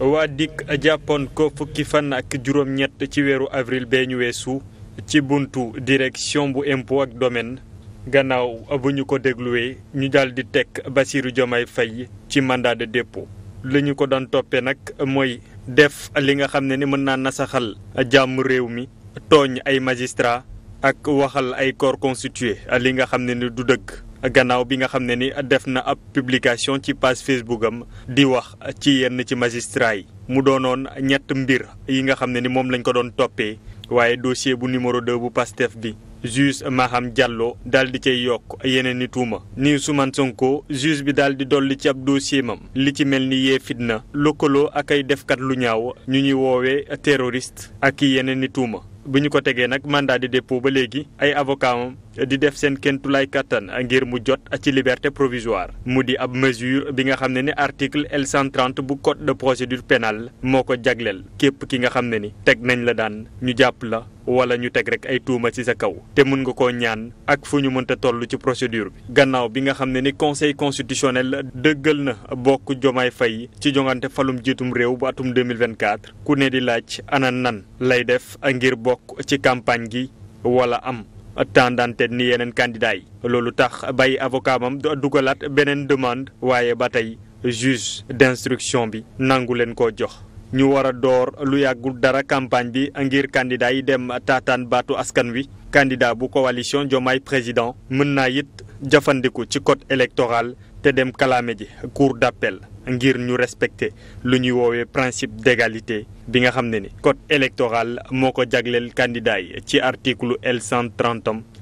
waa dikk jàppoon ko fukki fan ak juróom-ñett ci weeru avril bee ñu weesu ci buntu direction bu impôt ak domaine gannaaw bu ñu ko dégluwee ñu daal di teg Bassirou Diomaye Faye ci mandat de dépôt li ñu ko doon toppe nag mooy def li nga xam ne ni mën naa nasaxal jàmm réew mi tooñ ay magistrat ak waxal ay corps constitué li nga xam ne ni du dëkk gannaaw bi nga xam ne ni def na ab publication ci page Facebook am di wax ci yenn ci magistrat yi mu doonoon ñett mbir yi nga xam ne ni moom lañ ko doon toppee waaye dossier bu numéro 2 bu PASTEF bi juge Maham Diallo daal di cay yokk yeneen ni tuuma ni Ousmane Sonko juge bi daal di dolli ci ab dossier mam li ci mel ni yee fitna lëkkaloo ak ay defkat lu ñaaw ñu ñuy woowee terroriste ak yeneen ni tuuma bi ñu ko tegee nag mandat di dépôt ba léegi ay avocat di def seen kentulaay kàttan ngir mu jot ci liberté provisoire mu di ab mesure bi nga xam ne ni article L130 bu code de procédure pénale moo ko jagleel képp ki nga xam ne ni teg nañ la daan ñu jàpp la wala ñu teg rek ay tuuma ci sa kaw te mën nga koo ñaan ak fu ñu mënta toll ci procédure bi gannaaw bi nga xam ne ni conseil constitutionnel dëggal na bokk jomaay fay ci jongante falum jiitum réew bu atum 2024 ku ne di laaj ana nan lay def ngir bokk ci campagne gi wala am tendante ni yeneen candidat yi loolu tax bay avocat dugalaat beneen demande waaye ba tey juge d'instruction bi nangu leen koo jox ñu war a door lu yàggul dara campagne bi ngir candidat dem taataan baatu askan wi candidat bu coalition Diomaye président mën naa it jafandiku ci code électoral te dem kalaame ji cour d'appel ngir ñu respecter lu ñuy woowee principe d'égalité bi nga xam ne ni code électoral moo ko jagleel candidat yi ci article L 130 am